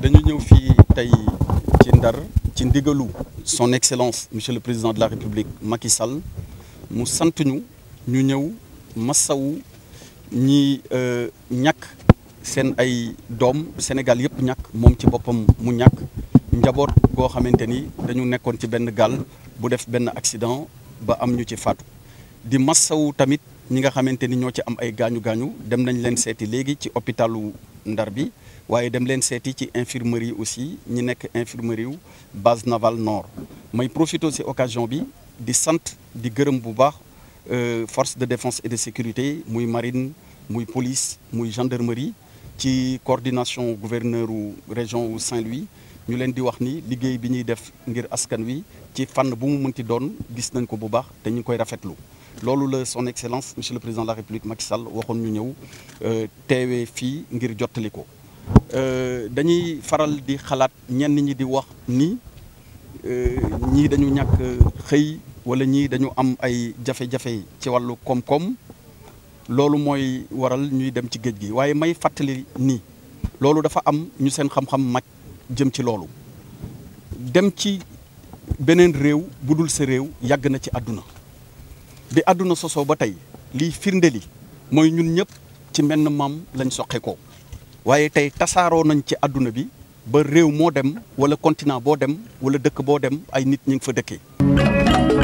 dañu ñëw fii tey ci Ndar ci ndigalu son excellence monsieur le président de la république Macky Sall mu sant ñu ñu ñëw massawu ñi euh, ñàkk seen ay doom Sénégal yëpp ñàkk moom ci boppam mu ñàkk njaboot goo xamante ni dañu nekkoon ci benn gaal bu def benn accident ba am ñu ci faatu di massawu tamit ñi nga xamante ni ñoo ci am ay gaañu gaañu dem nañ leen seeti léegi ci hôpitalu Ndar bi waaye dem leen seeti ci infirmerie aussi ñi nekk infirmerie wu base navale nord may profité si occasion bi di sant di gërëm bu baax euh, force de défense et de sécurité muy marine muy police muy gendarmerie ci coordination gouverneur wu région wu Saint-Louis ñu leen di wax ni liggéey bi ñuy def ngir askan wi ci fànn bu mu mënti doon gis nañ ko bu baax te ñu ngi koy rafetlu loolu la son excellence monsieur le président de la république Macky Sall waxoon ñu ñëw euh, teewe fii ngir jottali ko euh, dañuy faral di xalaat ñenn ñi di wax ni euh, ñii dañu ñàkk xëy walla ñii dañu am ay jafe-jafe ci wàllu koom-koom loolu mooy waral ñuy dem ci géej gi waaye may fàttali nii loolu dafa am ñu seen xam-xam màcc jëm ci loolu dem ci beneen réew bu dul sa réew yàgg na ci àdduna bi àdduna sosoo ba tey liy firnde li mooy ñun ñëpp ci menn maam lañ ko waaye tey tasaaroo nañ ci àdduna bi ba réew moo dem wala continent boo dem wala dëkk boo dem ay nit ñu ngi fa dëkkee.